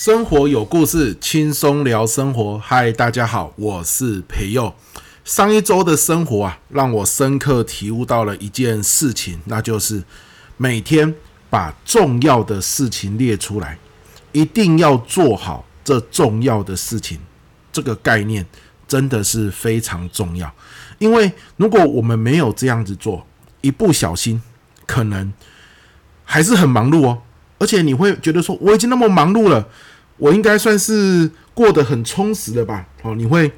生活有故事，輕鬆聊生活。嗨，大家好，我是培祐。上一周的生活啊，讓我深刻體悟到了一件事情，那就是每天把重要的事情列出來，一定要做好這重要的事情。這個概念真的是非常重要，因為如果我們沒有這樣子做，一不小心可能還是很忙碌哦，而且你會覺得說我已經那麼忙碌了。我應該算是過得很充實的吧？哦，你會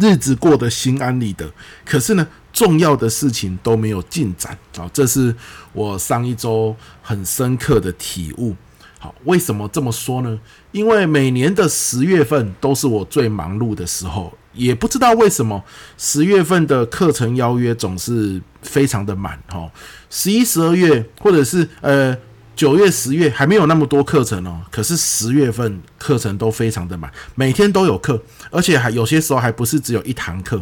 日子過得心安理得，可是呢，重要的事情都沒有進展。啊。這是我上一周很深刻的體悟。好，為什麼這麼說呢？因為每年的十月份都是我最忙碌的時候，也不知道為什麼，十月份的課程邀約總是非常的滿。哦，十一、十二月，或者是呃。九月、十月還沒有那麼多課程哦，可是十月份課程都非常的滿，每天都有課，而且還有些時候還不是只有一堂課，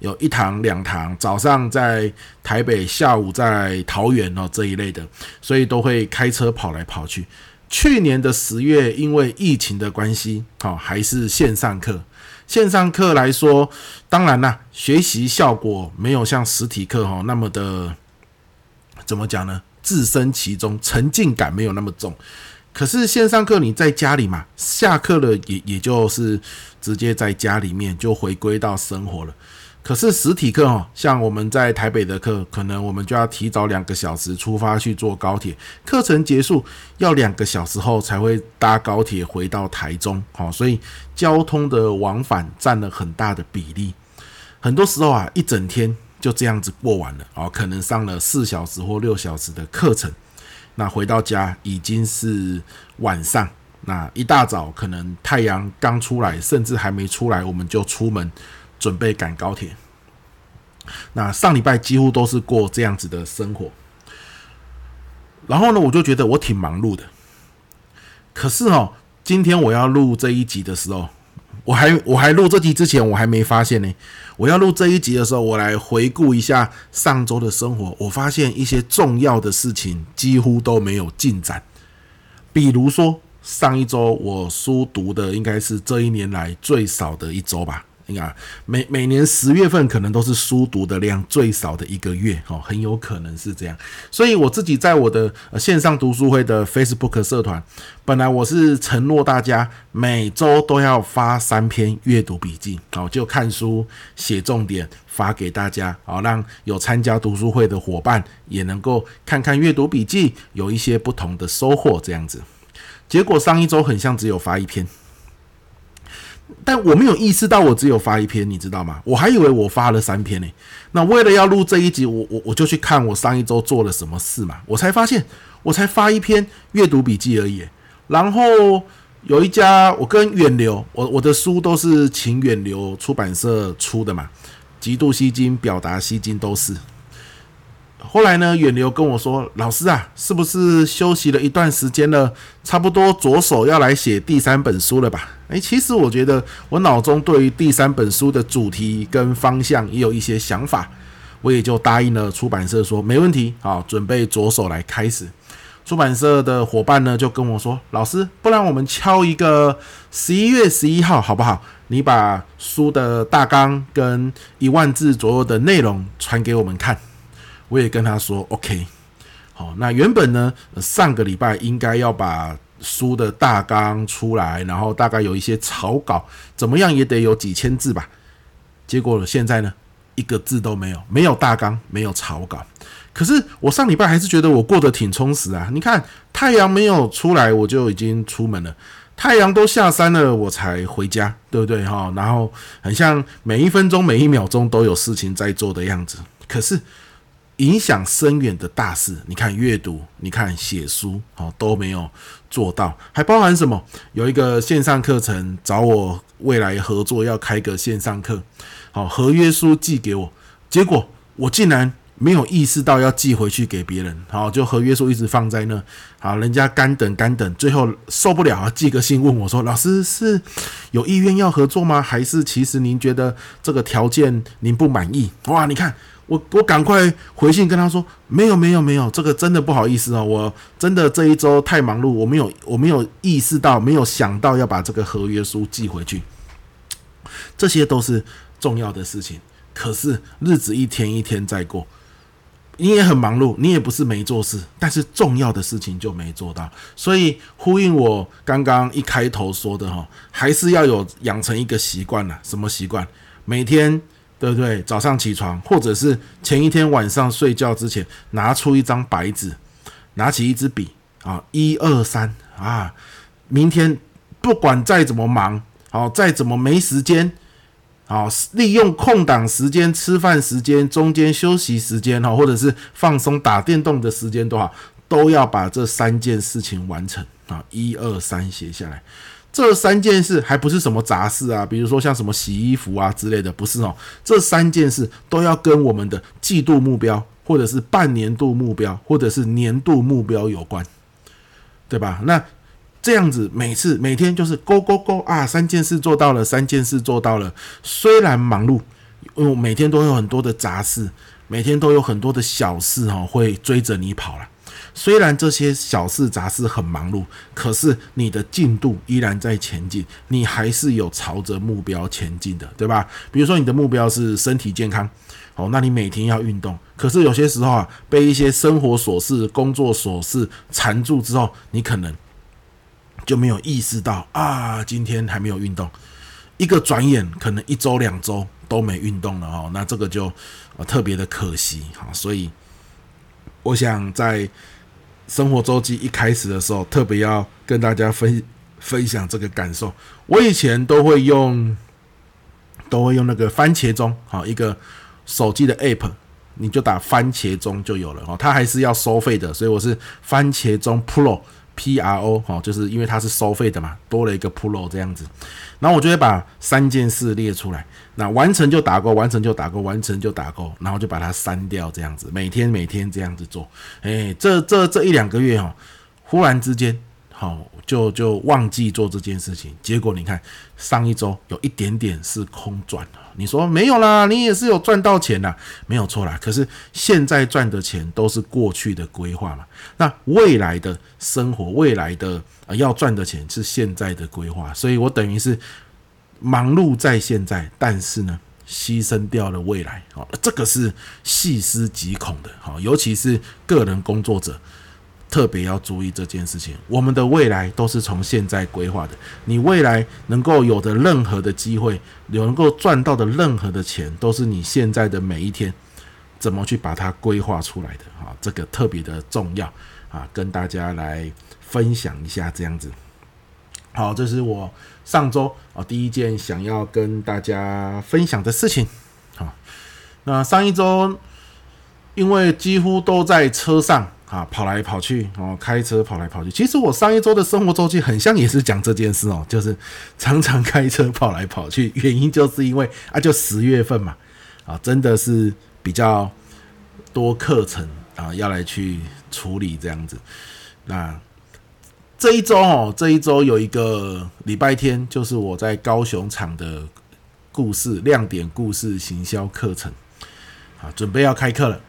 有一堂、兩堂，早上在台北，下午在桃園哦，這一類的，所以都會開車跑來跑去。去年的十月因為疫情的關係，哦，還是線上課，線上課來說，當然啦，學習效果沒有像實體課哈、哦、那麼的，怎麼講呢？置身其中，沉浸感沒有那麼重。可是線上課你在家裡嘛，下課了也也就是直接在家裡面就回歸到生活了。可是實體課哦，像我們在台北的課，可能我們就要提早兩個小時出發去坐高鐵，課程結束要兩個小時後才會搭高鐵回到台中。哦，所以交通的往返佔了很大的比例。很多時候啊，一整天。就這樣子過完了，哦，可能上了四小時或六小時的課程，那回到家已經是晚上，那一大早可能太陽剛出來，甚至還沒出來，我們就出門準備趕高鐵。那上禮拜幾乎都是過這樣子的生活，然後呢，我就覺得我挺忙碌的，可是哦，今天我要錄這一集的時候。我還我還錄這集之前，我還沒發現呢。我要錄這一集的時候，我來回顧一下上周的生活，我發現一些重要的事情幾乎都沒有進展。比如說，上一周我書讀的應該是這一年來最少的一周吧。啊，每每年十月份可能都是書讀的量最少的一個月哦，很有可能是這樣。所以我自己在我的，呃，線上讀書會的 Facebook 社團，本來我是承諾大家每周都要發三篇閱讀筆記，哦，就看書寫重點發給大家，哦，讓有參加讀書會的伙伴也能夠看看閱讀筆記，有一些不同的收穫這樣子。結果上一周很像只有發一篇。但我沒有意識到，我只有發一篇，你知道嗎？我還以為我發了三篇呢。那為了要錄這一集，我我我就去看我上一周做了什麼事嘛。我才發現，我才發一篇閱讀筆記而已。然後有一家，我跟遠流，我我的書都是請遠流出版社出的嘛。極度吸睛，表達吸睛都是。後來呢，遠流跟我說：“老師啊，是不是休息了一段時間了？差不多着手要來寫第三本書了吧？”哎，其實我覺得我腦中對於第三本書的主題跟方向也有一些想法，我也就答應了出版社說，說沒問題啊，準備着手來開始。出版社的夥伴呢就跟我說：“老師，不然我們敲一個十一月十一號好不好？你把書的大綱跟一萬字左右的內容傳給我們看。”我也跟他說 OK，好，那原本呢，上個禮拜應該要把書的大綱出來，然後大概有一些草稿，怎麼樣也得有幾千字吧。結果現在呢，一個字都沒有，沒有大綱，沒有草稿。可是我上禮拜還是覺得我過得挺充實啊。你看，太陽沒有出來我就已經出門了，太陽都下山了我才回家，對不對哈？然後很像每一分鐘每一秒鐘都有事情，在做的樣子。可是。影響深遠的大事，你看閱讀，你看寫書，好，都沒有做到。還包含什麼？有一個線上課程，找我未來合作，要開個線上課，好，合約書寄給我，結果我竟然沒有意識到要寄回去給別人，好，就合約書一直放在那，好，人家乾等乾等，最後受不了啊，寄個信問我說：“老師是有意願要合作嗎？還是其實您覺得這個條件您不滿意？”哇，你看。我我趕快回信跟他說，沒有沒有沒有，這個真的不好意思哦，我真的這一周太忙碌，我沒有我沒有意識到，沒有想到要把這個合約書寄回去，這些都是重要的事情。可是日子一天一天在過，你也很忙碌，你也不是沒做事，但是重要的事情就沒做到。所以呼應我剛剛一開頭說的哈，還是要有養成一個習慣了，什麼習慣？每天。對不對？早上起床，或者是前一天晚上睡覺之前，拿出一張白紙，拿起一支筆，啊，一二三，啊，明天不管再怎麼忙，好、啊，再怎麼沒時間，好、啊，利用空檔時間、吃飯時間、中間休息時間，哈、啊，或者是放鬆打電動的時間都好，都要把這三件事情完成，啊，一二三寫下來。這三件事還不是什麼雜事啊，比如說像什麼洗衣服啊之類的，不是哦。這三件事都要跟我們的季度目標，或者是半年度目標，或者是年度目標有關，對吧？那這樣子每次每天就是 go go go 啊，三件事做到了，三件事做到了，雖然忙碌，因為每天都有很多的雜事，每天都有很多的小事哈，會追着你跑了。雖然這些小事雜事很忙碌，可是你的進度依然在前進，你還是有朝着目標前進的，對吧？比如說你的目標是身體健康，好，那你每天要運動，可是有些時候啊，被一些生活瑣事、工作瑣事纏住之後，你可能就沒有意識到啊，今天還沒有運動，一個轉眼可能一周、兩周都沒運動了哦，那這個就特別的可惜哈。所以，我想在。生活週記一開始的時候，特別要跟大家分,分享這個感受。我以前都會用，都會用那個番茄鐘，好一個手機的 app，你就打番茄鐘就有了。哦，它還是要收費的，所以我是番茄鐘 Pro。P R O 好，就是因為它是收費的嘛，多了一個 P R O 這樣子，然後我就會把三件事列出來，那完成就打勾，完成就打勾，完成就打勾，然後就把它刪掉這樣子，每天每天這樣子做，哎，這這這一兩個月哈，忽然之間，好就就忘記做這件事情，結果你看上一周有一點點是空轉的。你說沒有啦，你也是有賺到錢啦。沒有錯啦。可是現在賺的錢都是過去的規劃嘛，那未來的生活、未來的、呃、要賺的錢是現在的規劃，所以我等於是忙碌在現在，但是呢，犧牲掉了未來。哦，這個是細思極恐的。好，哦，尤其是個人工作者。特別要注意這件事情。我們的未來都是從現在規劃的。你未來能夠有的任何的機會，有能夠賺到的任何的錢，都是你現在的每一天怎麼去把它規劃出來的啊。這個特別的重要啊，跟大家來分享一下這樣子。好，這是我上週啊第一件想要跟大家分享的事情。好，那上一週因為幾乎都在車上。啊，跑來跑去哦，開車跑來跑去。其實我上一周的生活週記很像，也是講這件事哦，就是常常開車跑來跑去。原因就是因為啊，就十月份嘛，啊，真的是比較多課程啊，要來去處理這樣子。那這一周哦，這一周有一個禮拜天，就是我在高雄場的故事亮點故事行銷課程，啊，準備要開課了。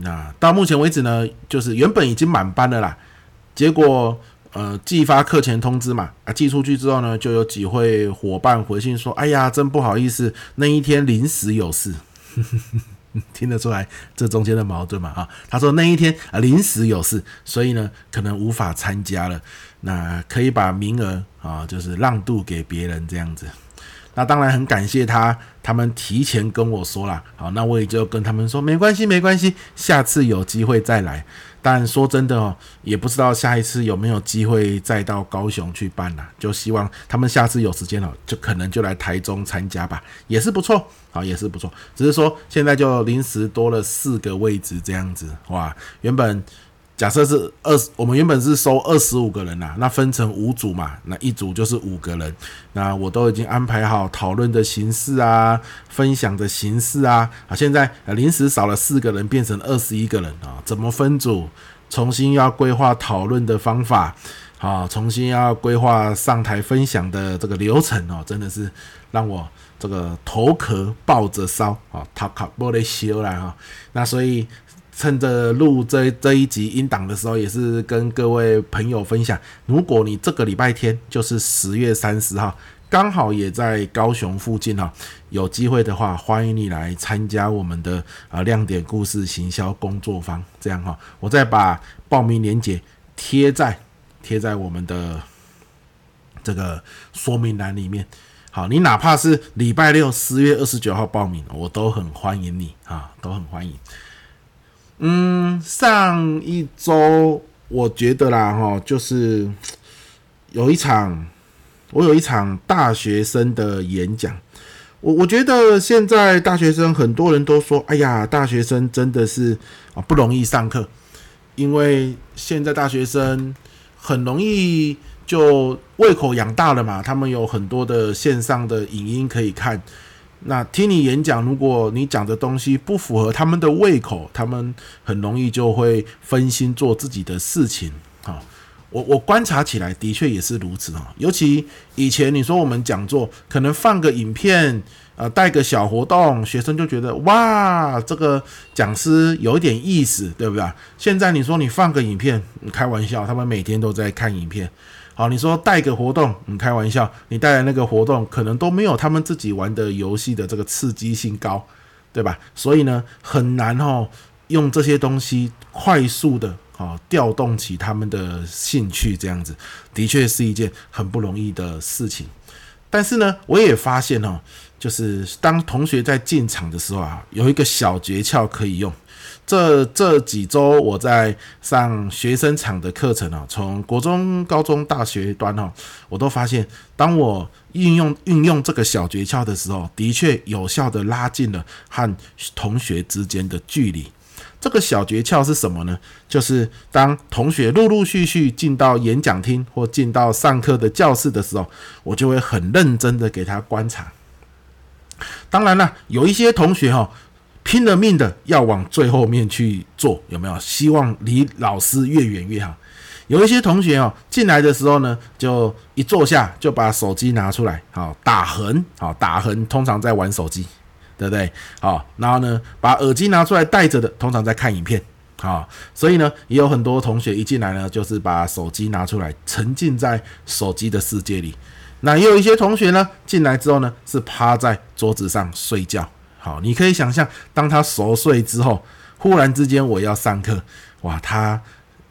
那到目前為止呢，就是原本已經滿班了啦，結果呃寄發課前通知嘛，啊寄出去之後呢，就有幾位夥伴回信說，哎呀，真不好意思，那一天臨時有事， 聽得出來這中間的矛盾嘛啊，他說那一天臨時有事，所以呢可能無法參加了，那可以把名額啊就是讓渡給別人這樣子。那當然很感謝他，他們提前跟我說了，好，那我也就跟他們說，沒關係，沒關係，下次有機會再來。但說真的哦，也不知道下一次有沒有機會再到高雄去辦了啊，就希望他們下次有時間了，就可能就來台中參加吧，也是不錯，好，也是不錯，只是說現在就臨時多了四個位置這樣子，哇，原本。假設是二十，我們原本是收二十五個人吶、啊，那分成五組嘛，那一組就是五個人。那我都已經安排好討論的形式啊，分享的形式啊，啊，現在臨時少了四個人，變成二十一個人啊，怎麼分組？重新要規劃討論的方法，啊，重新要規劃上台分享的這個流程哦，真的是讓我這個頭殼抱着燒啊，頭殼抱著燒啦。那所以。趁着錄這這一集音檔的時候，也是跟各位朋友分享，如果你這個禮拜天就是十月三十號，剛好也在高雄附近哈，有機會的話，歡迎你來參加我們的啊亮點故事行銷工作坊，這樣哈，我再把報名鏈接貼在貼在我們的這個說明欄裡面。好，你哪怕是禮拜六，十月二十九號報名，我都很歡迎你啊，都很歡迎。嗯，上一週我覺得啦，吼，就是有一場，我有一場大學生的演講。我我覺得現在大學生很多人都說，哎呀，大學生真的是啊不容易上課，因為現在大學生很容易就胃口養大了嘛。他們有很多的線上的影音可以看。那聽你演講，如果你講的東西不符合他們的胃口，他們很容易就會分心做自己的事情。哈，我我觀察起來的確也是如此啊。尤其以前你說我們講座可能放個影片，啊、呃，帶個小活動，學生就覺得哇，這個講師有點意思，對不對？現在你說你放個影片，你開玩笑，他們每天都在看影片。好、啊，你說帶個活動，你、嗯、開玩笑，你帶來那個活動可能都沒有他們自己玩的遊戲的這個刺激性高，對吧？所以呢，很難哈、哦、用這些東西快速的哈、哦、調動起他們的興趣，這樣子的確是一件很不容易的事情。但是呢，我也發現哦，就是當同學在進場的時候啊，有一個小訣竅可以用。這這幾週我在上學生場的課程，啊，從國中、高中、大學端，哦，啊，我都發現，當我運用運用這個小訣竅的時候，的確有效地拉近了和同學之間的距離。這個小訣竅是什麼呢？就是當同學陸陸續續進到演講廳或進到上課的教室的時候，我就會很認真的給他觀察。當然了，有一些同學哈，啊。拼了命的要往最後面去做，有沒有？希望離老師越遠越好。有一些同學哦，進來的時候呢，就一坐下就把手機拿出來，好，打橫，好，打橫，通常在玩手機，對不對？好，然後呢，把耳機拿出來戴着的，通常在看影片，好。所以呢，也有很多同學一進來呢，就是把手機拿出來，沉浸在手機的世界裡。那也有一些同學呢，進來之後呢，是趴在桌子上睡覺。好，你可以想象，當他熟睡之後，忽然之間我要上課，哇，他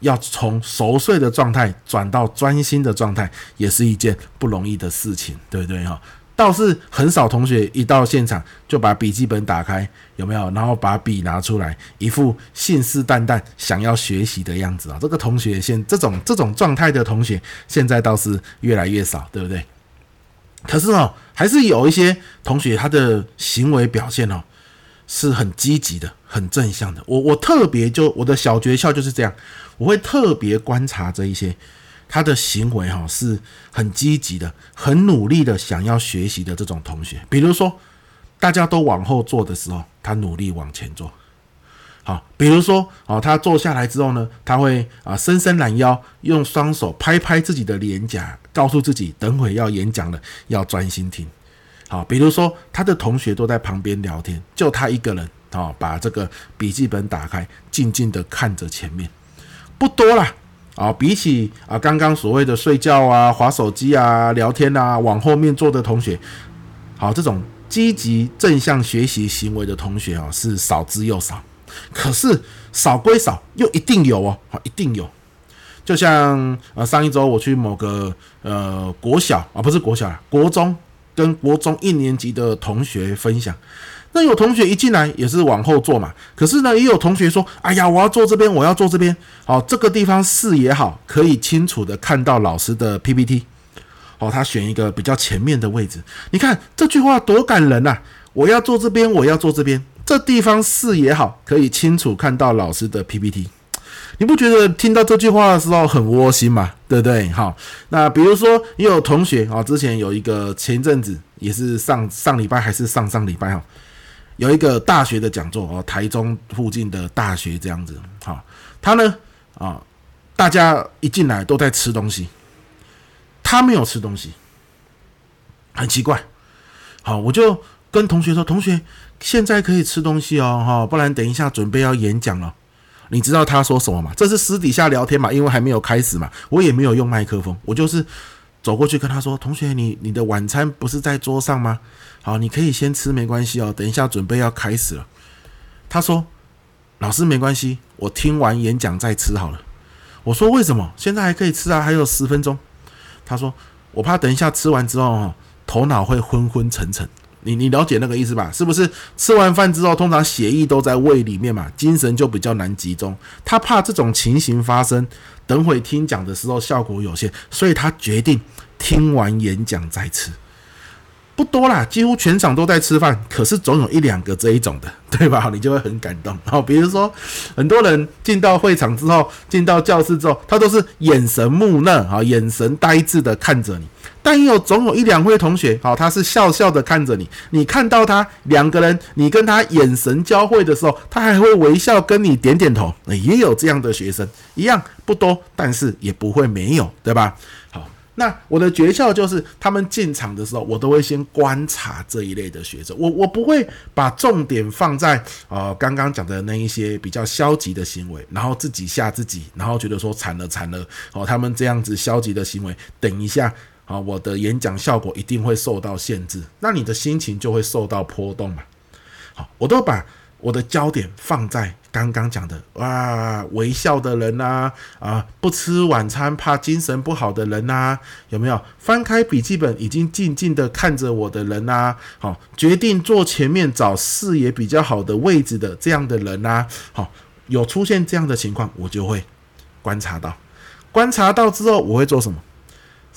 要從熟睡的狀態轉到專心的狀態，也是一件不容易的事情，對不對？哈，倒是很少同學一到現場就把筆記本打開，有沒有？然後把筆拿出來，一副信誓旦旦想要學習的樣子啊！這個同學現這種這種狀態的同學，現在倒是越來越少，對不對？可是哦，還是有一些同學他的行為表現哦，是很積極的，很正向的。我我特別就我的小訣竅就是這樣，我會特別觀察這一些他的行為哈、哦，是很積極的，很努力的想要學習的這種同學。比如說，大家都往後坐的時候，他努力往前坐。好，比如說哦，他坐下來之後呢，他會啊伸伸懶腰，用雙手拍拍自己的臉頰。告訴自己，等會要演講了，要專心聽。好、哦，比如說他的同學都在旁邊聊天，就他一個人啊、哦，把這個筆記本打開，靜靜的看着前面。不多了啊、哦，比起啊、呃、剛剛所謂的睡覺啊、滑手機啊、聊天啊，往後面坐的同學，好、哦，這種積極正向學習行為的同學啊、哦，是少之又少。可是少歸少，又一定有哦，好、哦，一定有。就像啊、呃，上一周我去某個。呃，國小啊，不是國小，國中跟國中一年級的同學分享。那有同學一進來也是往後坐嘛，可是呢，也有同學說：“哎呀，我要坐這邊，我要坐這邊。哦”好，這個地方視野好，可以清楚的看到老師的 PPT。好、哦，他選一個比較前面的位置。你看這句話多感人吶、啊！我要坐這邊，我要坐這邊，這地方視野好，可以清楚看到老師的 PPT。你不覺得聽到這句話的時候很窩心嗎？對不對？好，那比如說，也有同學啊，之前有一個前陣子也是上上禮拜還是上上禮拜哦，有一個大學的講座哦，台中附近的大學這樣子哈，他呢啊，大家一進來都在吃東西，他沒有吃東西，很奇怪。好，我就跟同學說，同學現在可以吃東西哦，哈，不然等一下準備要演講了。你知道他說什麼嗎？這是私底下聊天嘛，因為還沒有開始嘛，我也沒有用麥克風，我就是走過去跟他說：“同學你，你你的晚餐不是在桌上嗎？好，你可以先吃，沒關係哦，等一下準備要開始了。”他說：“老師，沒關係，我聽完演講再吃好了。”我說：“為什麼現在還可以吃啊？還有十分鐘。”他說：“我怕等一下吃完之後，頭腦會昏昏沉沉。”你你了解那個意思吧？是不是吃完飯之後，通常血液都在胃裡面嘛，精神就比較難集中。他怕這種情形發生，等會聽講的時候效果有限，所以他決定聽完演講再吃。不多啦，幾乎全場都在吃飯，可是總有一兩個這一種的，對吧？你就會很感動。然後比如說，很多人進到會場之後，進到教室之後，他都是眼神木訥，啊，眼神呆滯的看着你。但也有總有一兩位同學，好，他是笑笑的看着你，你看到他兩個人，你跟他眼神交匯的時候，他還會微笑跟你點點頭，也有這樣的學生，一樣不多，但是也不會沒有，對吧？好，那我的訣竅就是，他們進場的時候，我都會先觀察這一類的學生，我我不會把重點放在呃剛剛講的那一些比較消極的行為，然後自己嚇自己，然後覺得說慘了慘了，好，他們這樣子消極的行為，等一下。好，我的演講效果一定會受到限制，那你的心情就會受到波動嘛。好，我都把我的焦點放在剛剛講的，哇，微笑的人吶、啊，啊，不吃晚餐怕精神不好的人吶、啊，有沒有翻開筆記本已經靜靜的看着我的人吶、啊？好，決定坐前面找視野比較好的位置的這樣的人吶、啊，好，有出現這樣的情況，我就會觀察到，觀察到之後我會做什麼？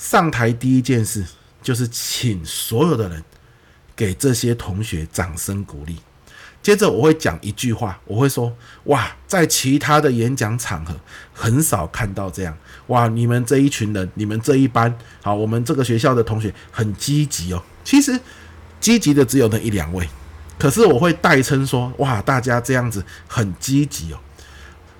上台第一件事就是請所有的人給這些同學掌聲鼓勵。接着我會講一句話，我會說：“哇，在其他的演講場合很少看到這樣。哇，你們這一群人，你們這一班，好，我們這個學校的同學很積極哦。其實積極的只有那一兩位，可是我會代稱說：哇，大家這樣子很積極哦。”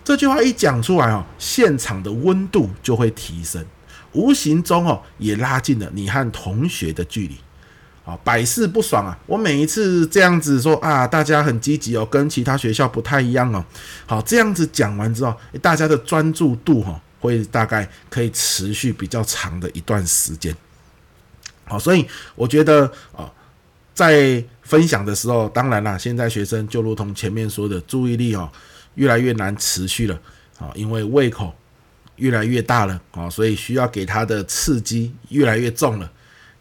這句話一講出來哦，現場的溫度就會提升。無形中哦，也拉近了你和同學的距離，啊，百試不爽啊！我每一次這樣子說啊，大家很積極哦，跟其他學校不太一樣哦。好，這樣子講完之後，大家的專注度哈，會大概可以持續比較長的一段時間。好，所以我覺得啊，在分享的時候，當然啦，現在學生就如同前面說的，注意力哦，越來越難持續了啊，因為胃口。越來越大了啊，所以需要給他的刺激越來越重了。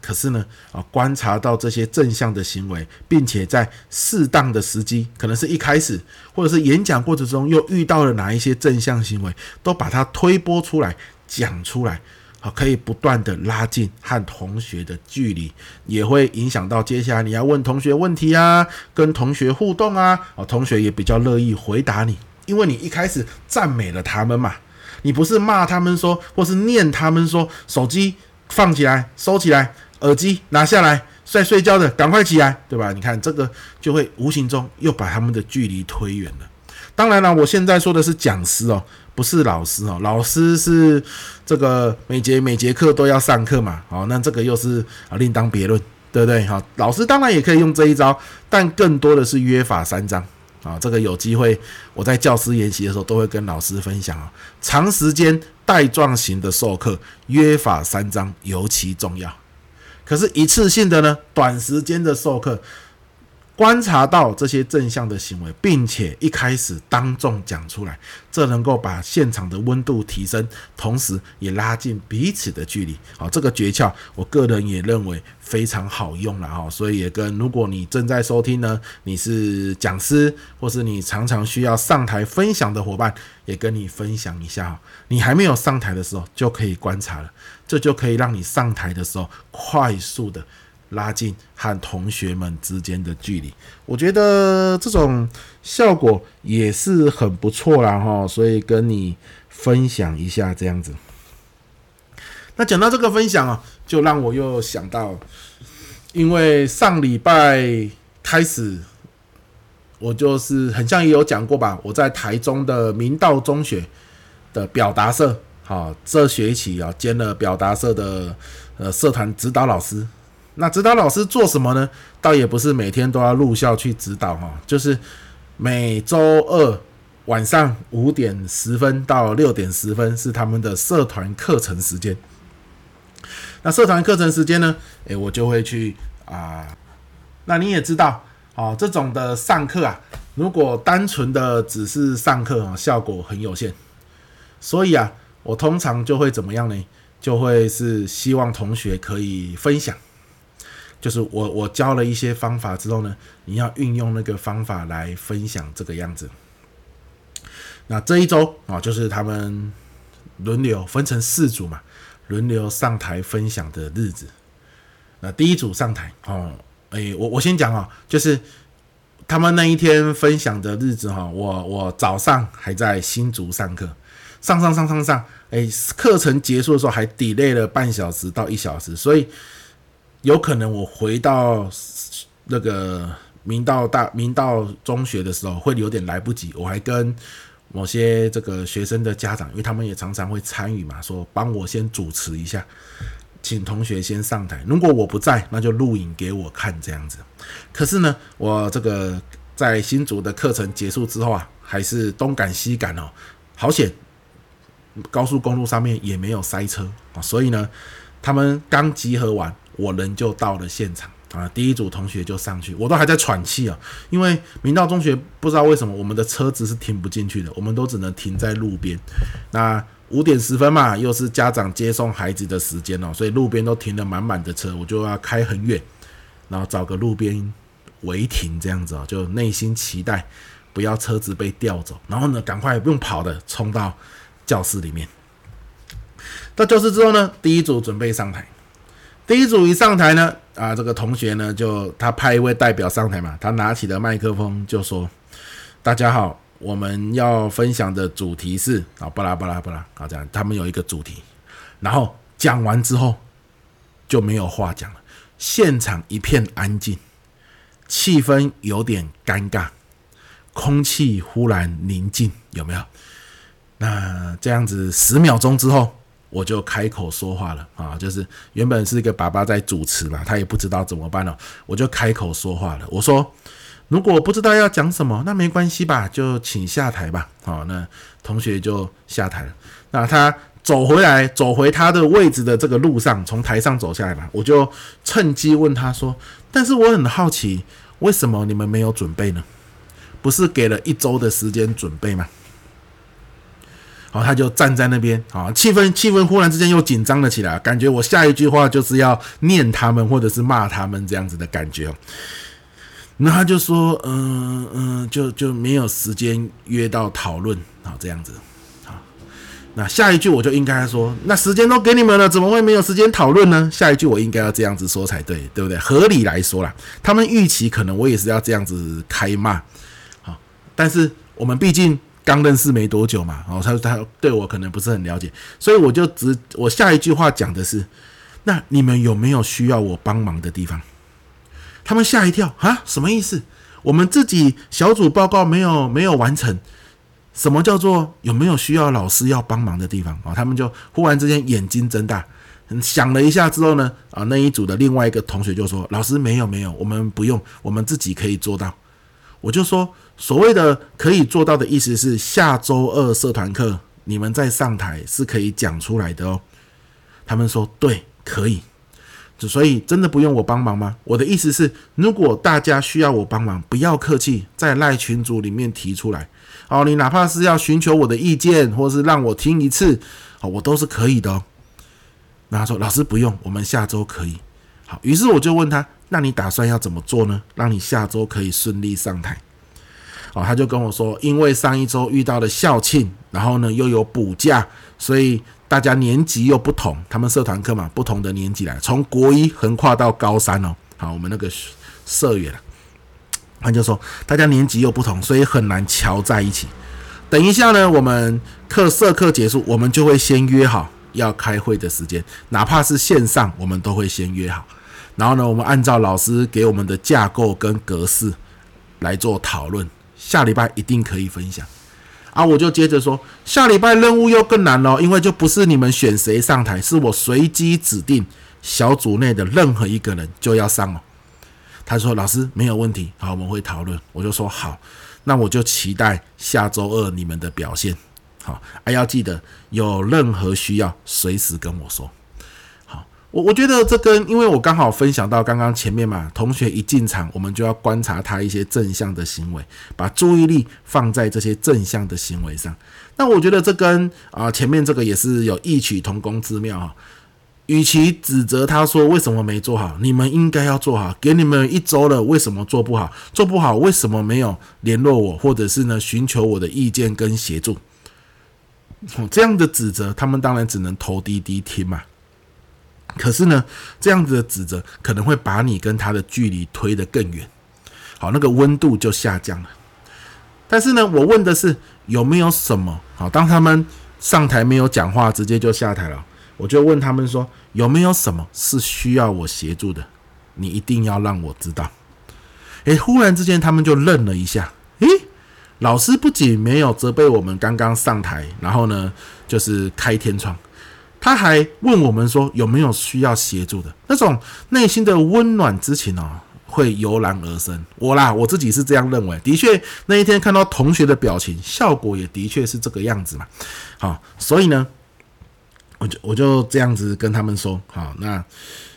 可是呢啊，觀察到這些正向的行為，並且在適當的時機，可能是一開始或者是演講過程中又遇到了哪一些正向行為，都把它推播出來講出來，好，可以不斷的拉近和同學的距離，也會影響到接下來你要問同學問題啊，跟同學互動啊，啊，同學也比較樂意回答你，因為你一開始讚美了他們嘛。你不是罵他們說，或是念他們說，手機放起來，收起來，耳機拿下來，在睡覺的，趕快起來，對吧？你看這個就會無形中又把他們的距離推遠了。當然了，我現在說的是講師哦，不是老師哦。老師是這個每節每節課都要上課嘛，好、哦，那這個又是啊另當別論，對不對？好、哦，老師當然也可以用這一招，但更多的是約法三章。啊，這個有機會，我在教師研習的時候，都會跟老師分享啊。長時間帶狀型的授課，約法三章尤其重要。可是，一次性的呢，短時間的授課。觀察到這些正向的行為，並且一開始當眾講出來，這能夠把現場的溫度提升，同時也拉近彼此的距離。好，這個訣竅，我個人也認為非常好用了哈。所以也跟如果你正在收聽呢，你是講師，或是你常常需要上台分享的夥伴，也跟你分享一下哈。你還沒有上台的時候就可以觀察了，這就可以讓你上台的時候快速的。拉近和同學們之間的距離，我覺得這種效果也是很不錯啦哈，所以跟你分享一下這樣子。那講到這個分享啊，就讓我又想到，因為上禮拜開始，我就是很像也有講過吧，我在台中的明道中學的表達社，好，這學期啊兼了表達社的呃社團指導老師。那指導老師做什麼呢？倒也不是每天都要入校去指導哈、哦，就是每周二晚上五點十分到六點十分是他們的社團課程時間。那社團課程時間呢，誒、欸，我就會去啊。那你也知道啊，這種的上課啊，如果單純的只是上課啊，效果很有限。所以啊，我通常就會怎麼樣呢？就會是希望同學可以分享。就是我我教了一些方法之後呢，你要運用那個方法來分享這個樣子。那這一周啊，就是他們輪流分成四組嘛，輪流上台分享的日子。那第一組上台哦，哎、嗯欸，我我先講啊，就是他們那一天分享的日子哈，我我早上還在新竹上課，上上上上上，哎、欸，課程結束的時候還 delay 了半小時到一小時，所以，有可能我回到那個明道大明道中學的時候會有點來不及，我還跟某些這個學生的家長，因為他們也常常會參與嘛，說幫我先主持一下，請同學先上台。如果我不在，那就錄影給我看這樣子。可是呢，我這個在新竹的課程結束之後啊，還是東趕西趕哦，好險！高速公路上面也沒有塞車啊，所以呢，他們剛集合完。我人就到了現場啊，第一組同學就上去，我都還在喘氣啊、哦，因為明道中學不知道為什麼我們的車子是停不進去的，我們都只能停在路邊。那五點十分嘛，又是家長接送孩子的時間哦，所以路邊都停了滿滿的車，我就要開很遠，然後找個路邊違停這樣子啊、哦，就內心期待不要車子被吊走，然後呢趕快不用跑的衝到教室裡面。到教室之後呢，第一組準備上台。第一組一上台呢，啊，這個同學呢，就他派一位代表上台嘛，他拿起了麥克風就說：“大家好，我們要分享的主題是啊，巴拉巴拉巴拉啊，這樣他們有一個主題，然後講完之後就沒有話講了，現場一片安靜，氣氛有點尷尬，空氣忽然寧靜，有沒有？那這樣子十秒鐘之後。”我就開口說話了啊，哦，就是原本是一個爸爸在主持嘛，他也不知道怎麼辦了。我就開口說話了，我說：“如果不知道要講什麼，那沒關係吧，就請下台吧。”哦，好，那同學就下台了。那他走回來，走回他的位置的這個路上，從台上走下來嘛。我就趁機問他說：“但是我很好奇，為什麼你們沒有準備呢？不是給了一周的時間準備嗎？”然後他就站在那邊，好，氣氛氣氛忽然之間又緊張了起來，感覺我下一句話就是要念他們或者是罵他們這樣子的感覺。那他就說，嗯、呃、嗯、呃，就就沒有時間約到討論，好這樣子，好。那下一句我就應該說，那時間都給你們了，怎麼會沒有時間討論呢？下一句我應該要這樣子說才對，對不對？合理來說啦，他們預期可能我也是要這樣子開罵，好，但是我們畢竟。剛認識沒多久嘛，然後他說他對我可能不是很了解，所以我就只，我下一句話講的是，那你們有沒有需要我幫忙的地方？他們嚇一跳啊，什麼意思？我們自己小組報告沒有沒有完成，什麼叫做有沒有需要老師要幫忙的地方啊？他們就忽然之間眼睛睜大，想了一下之後呢，啊，那一組的另外一個同學就說，老師沒有沒有，我們不用，我們自己可以做到。我就說。所謂的可以做到的意思是，下周二社團課你們在上台是可以講出來的哦。他們說對，可以，所以真的不用我幫忙嗎？我的意思是，如果大家需要我幫忙，不要客氣，在賴群組裡面提出來。好，你哪怕是要尋求我的意見，或是讓我聽一次，好，我都是可以的哦。那他說老師不用，我們下周可以。好，於是我就問他，那你打算要怎麼做呢？讓你下周可以順利上台。哦，他就跟我說，因為上一周遇到了校慶，然後呢又有補假，所以大家年級又不同，他們社團課嘛，不同的年級來，從國一橫跨到高三哦。好，我們那個社員、啊，他就說大家年級又不同，所以很難喬在一起。等一下呢，我們課社課結束，我們就會先約好要開會的時間，哪怕是線上，我們都會先約好。然後呢，我們按照老師給我們的架構跟格式來做討論。下禮拜一定可以分享啊！我就接着說，下禮拜任務又更難了、哦，因為就不是你們選誰上台，是我隨機指定小組內的任何一個人就要上哦。他說：“老師沒有問題。”好，我們會討論。我就說：“好，那我就期待下周二你們的表現。”好、啊，還要記得有任何需要隨時跟我說。我我覺得這跟，因為我剛好分享到剛剛前面嘛，同學一進場，我們就要觀察他一些正向的行為，把注意力放在這些正向的行為上。那我覺得這跟啊，呃，前面這個也是有異曲同工之妙，哦。與其指責他說為什麼沒做好，你們應該要做好，給你們一周了，為什麼做不好？做不好為什麼沒有聯絡我，或者是呢尋求我的意見跟協助，哦？這樣的指責，他們當然只能頭低低聽嘛。可是呢，這樣子的指責可能會把你跟他的距離推得更遠，好，那個溫度就下降了。但是呢，我問的是有沒有什麼好？當他們上台沒有講話，直接就下台了，我就問他們說，有沒有什麼是需要我協助的？你一定要讓我知道。誒、欸，忽然之間他們就愣了一下。誒、欸，老師不僅沒有責備我們剛剛上台，然後呢，就是開天窗。他還問我們說有沒有需要協助的，那種內心的溫暖之情哦，會油然而生。我啦，我自己是這樣認為。的確，那一天看到同學的表情，效果也的確是這個樣子嘛。好、哦，所以呢，我就我就這樣子跟他們說。好、哦，那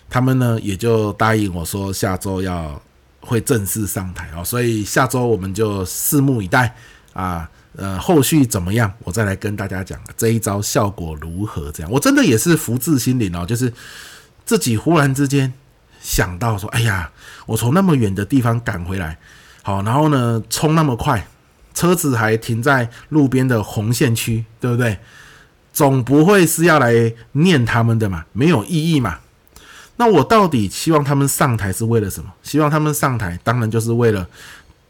他們呢也就答應我說下周要會正式上台哦。所以下周我們就拭目以待啊。呃，後續怎麼樣？我再來跟大家講，這一招效果如何？這樣，我真的也是福至心靈哦，就是自己忽然之間想到說，哎呀，我從那麼遠的地方趕回來，好，然後呢，衝那麼快，車子還停在路邊的紅線區，對不對？總不會是要來念他們的嘛，沒有意義嘛。那我到底希望他們上台是為了什麼？希望他們上台，當然就是為了。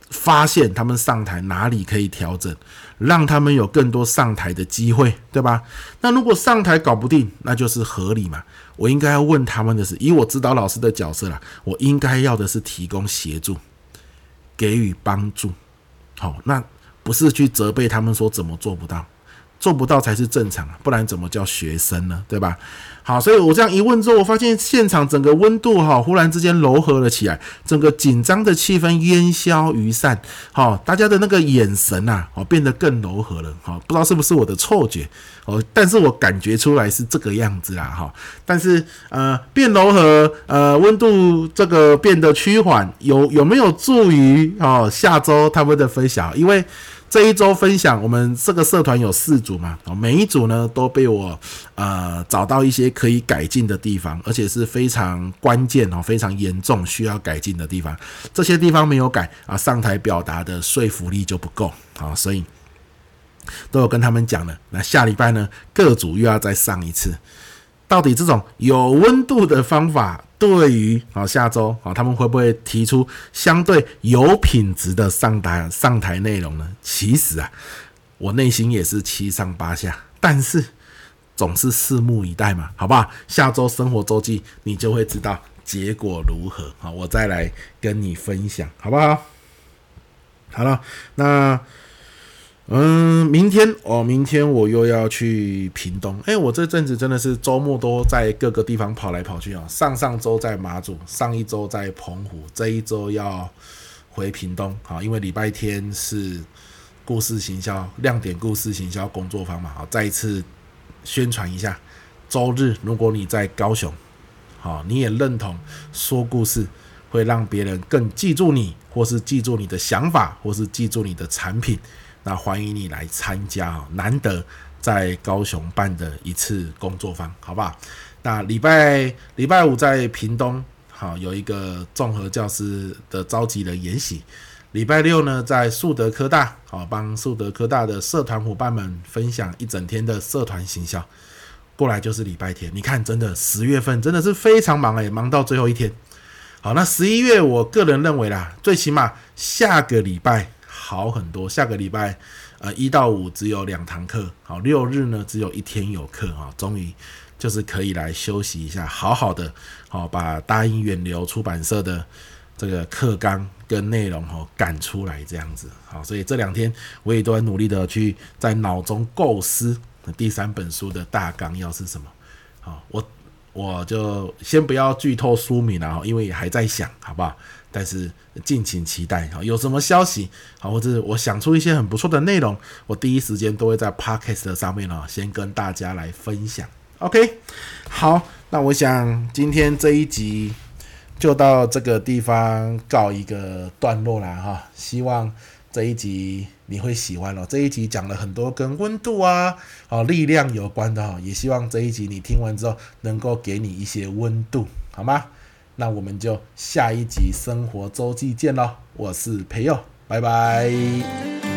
發現他們上台哪裡可以調整，讓他們有更多上台的機會，對吧？那如果上台搞不定，那就是合理嘛。我應該要問他們的是，以我指導老師的角色啦，我應該要的是提供協助，給予幫助。好、哦，那不是去責備他們說怎麼做不到，做不到才是正常，不然怎麼叫學生呢？對吧？好，所以我這樣一問之後，我發現現場整個溫度哈、哦，忽然之間柔和了起來，整個緊張的氣氛煙消雲散。好、哦，大家的那個眼神啊，哦，變得更柔和了。哈、哦，不知道是不是我的錯覺，哦，但是我感覺出來是這個樣子啊。哈、哦，但是呃，變柔和，呃，溫度這個變得趨緩，有有沒有助於哦下週他們的分享？因為。這一周分享，我們這個社團有四組嘛，啊，每一組呢都被我，呃，找到一些可以改進的地方，而且是非常關鍵，非常嚴重需要改進的地方。這些地方沒有改啊，上台表達的說服力就不夠啊，所以，都有跟他們講了。那下禮拜呢，各組又要再上一次。到底這種有溫度的方法，對於啊下周啊他們會不會提出相對有品質的上台上台內容呢？其實啊，我內心也是七上八下，但是總是拭目以待嘛，好不好？下周生活周記你就會知道結果如何啊！我再來跟你分享，好不好？好了，那。嗯，明天哦，明天我又要去屏東。哎、欸，我這陣子真的是周末都在各個地方跑來跑去哦。上上周在馬祖，上一周在澎湖，這一周要回屏東。好，因為禮拜天是故事行銷亮點，故事行銷工作坊嘛。好，再一次宣傳一下。周日如果你在高雄，好，你也認同說故事會讓別人更記住你，或是記住你的想法，或是記住你的產品。那歡迎你來參加啊！難得在高雄辦的一次工作坊，好不好？那禮拜禮拜五在屏東，好，有一個綜合教師的召集的研習。禮拜六呢，在樹德科大，好，幫樹德科大的社團夥伴們分享一整天的社團行銷。過來就是禮拜天，你看，真的十月份真的是非常忙誒、欸、忙到最後一天。好，那十一月，我個人認為啦，最起碼下個禮拜，好很多，下個禮拜，呃，一到五只有兩堂課，好，六日呢，只有一天有課，哈、哦，終於就是可以來休息一下，好好的，好、哦、把答應遠流出版社的這個課綱跟內容吼、哦、趕出來，這樣子，好、哦，所以這兩天我也都在努力的去在腦中構思第三本書的大綱要是什麼，好、哦，我我就先不要劇透書名了，因為還在想，好不好？但是，敬請期待啊！有什麼消息啊，或者我想出一些很不錯的內容，我第一時間都會在 Podcast 上面呢，先跟大家來分享。OK，好，那我想今天這一集就到這個地方告一個段落了哈。希望這一集你會喜歡哦，這一集講了很多跟溫度啊、啊力量有關的哈，也希望這一集你聽完之後能夠給你一些溫度，好嗎？那我們就下一集《生活週記》見嘍！我是培佑，拜拜。